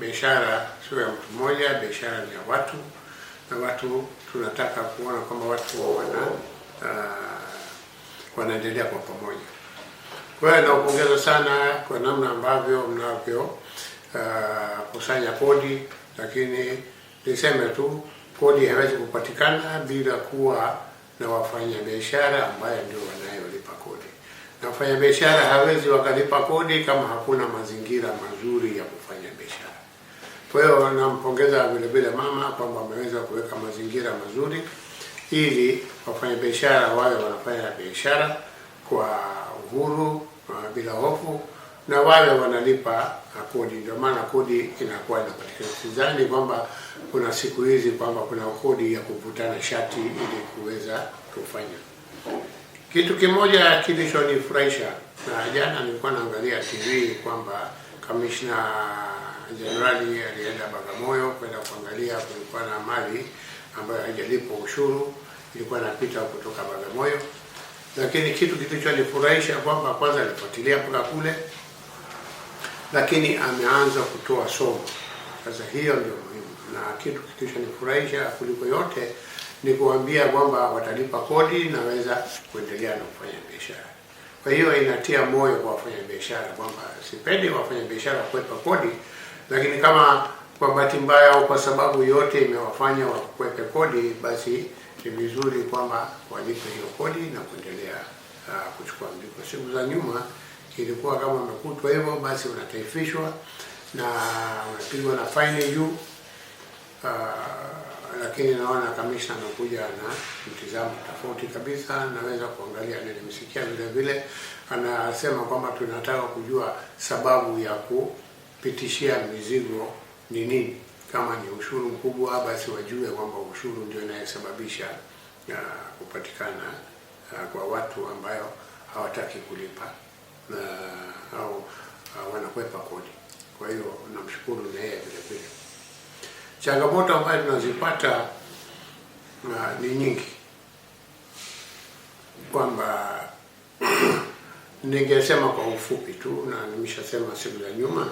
biashara sio ya mtu mmoja, biashara ni ya watu, na watu tunataka kuona kwamba watu wana uh, wanaendelea kwa pamoja. Kwa hiyo naupongeza sana kwa namna ambavyo mnavyo uh, kusanya kodi, lakini niseme tu kodi haiwezi kupatikana bila kuwa na wafanyabiashara ambayo ndio wanayolipa kodi, na wafanyabiashara hawezi wakalipa kodi kama hakuna mazingira mazuri ya kufanya biashara. Kwa hiyo nampongeza vilevile mama kwamba ameweza kuweka mazingira mazuri ili wafanyabiashara wale wanafanya biashara kwa uhuru bila hofu na wale wanalipa kodi. Ndio maana kodi inakuwa inapatikana. Sidhani kwamba kuna siku hizi kwamba kuna kodi ya kuvutana shati ili kuweza kufanya kitu kimoja. Kilichonifurahisha na jana nilikuwa naangalia TV kwamba kamishna jenerali alienda Bagamoyo kwenda kuangalia, kulikuwa na mali ambayo haijalipwa ushuru ilikuwa inapita kutoka Bagamoyo, lakini kitu kilichonifurahisha kwamba kwanza alifuatilia mpaka kule, lakini ameanza kutoa somo sasa. Hiyo ndio muhimu, na kitu kilichonifurahisha kuliko yote ni kuambia kwamba watalipa kodi, naweza kuendelea na kufanya biashara. Kwa hiyo inatia moyo kwa wafanyabiashara kwamba sipendi wafanyabiashara kuepa kodi lakini kama kwa bahati mbaya au kwa sababu yote imewafanya wakwepe kodi, basi ni vizuri kwamba walipe hiyo kodi na kuendelea uh, kuchukua mlipo. Siku za nyuma ilikuwa kama umekutwa hivyo, basi unataifishwa na unapigwa na faini juu uh, lakini naona kamishna amekuja na mtizamo tofauti kabisa. Naweza kuangalia, nilimsikia vile vile anasema kwamba tunataka kujua sababu ya ku kupitishia mizigo ni nini. Kama ni ushuru mkubwa, basi wajue kwamba ushuru ndio inayosababisha kupatikana uh, kwa watu ambayo hawataki kulipa uh, au uh, wanakwepa kodi. Kwa hiyo namshukuru na yeye vile vile. Changamoto ambayo tunazipata uh, ni nyingi kwamba Ningesema kwa ufupi tu, na nimeshasema siku za nyuma,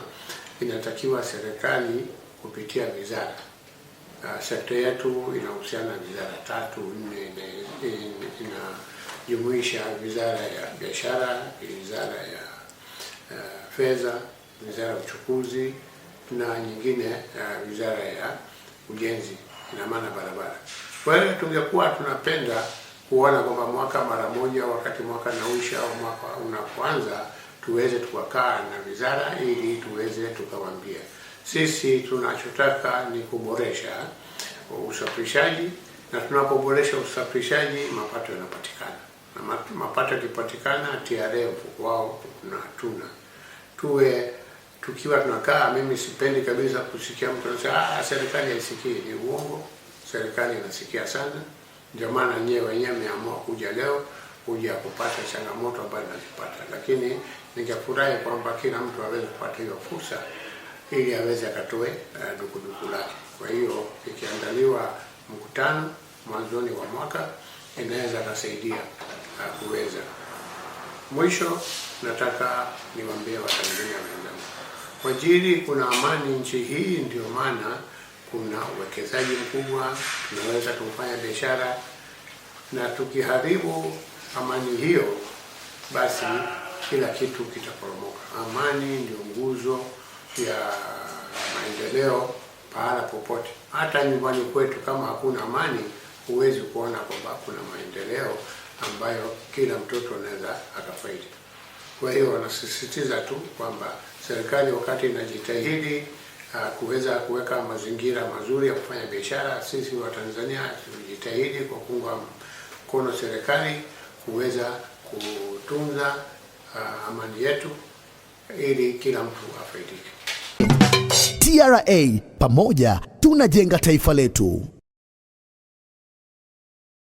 inatakiwa serikali kupitia wizara uh, sekta yetu inahusiana na wizara tatu nne, inajumuisha wizara ya biashara, wizara ya uh, fedha, wizara ya uchukuzi na nyingine uh, wizara ya ujenzi, ina maana barabara. Kwa hiyo tungekuwa tunapenda kuona kwamba mwaka mara moja, wakati mwaka nausha au mwaka unapoanza, tuweze tukakaa na wizara ili tuweze tukawambia sisi tunachotaka ni kuboresha usafirishaji, na tunapoboresha usafirishaji mapato yanapatikana, na mapato yakipatikana, TRA wao na tuna tuwe tukiwa tunakaa. Mimi sipendi kabisa kusikia mtu anasema ah, serikali haisikii. Ni uongo, serikali inasikia sana. Ndio maana nyewe wenyewe mmeamua kuja leo kuja kupata changamoto ambazo nazipata, lakini ningefurahi kwamba kila mtu aweze kupata hiyo fursa ili aweze akatoe uh, dukuduku lake. Kwa hiyo ikiandaliwa mkutano mwanzoni wa mwaka inaweza kusaidia uh, eh, kuweza. Mwisho nataka niwaambie Watanzania wenzangu, kwa ajili kuna amani nchi hii, ndio maana kuna uwekezaji mkubwa, tunaweza kufanya biashara, na tukiharibu amani hiyo, basi kila kitu kitaporomoka. Amani ndio nguzo ya maendeleo pahala popote. Hata nyumbani kwetu kama hakuna amani, huwezi kuona kwamba kuna maendeleo ambayo kila mtoto anaweza akafaidi. Kwa hiyo wanasisitiza tu kwamba serikali wakati inajitahidi Ah, kuweza kuweka mazingira mazuri ya kufanya biashara. Sisi wa Tanzania tumejitahidi kwa kuunga mkono serikali kuweza kutunza uh, amani yetu ili kila mtu afaidike. TRA pamoja tunajenga taifa letu.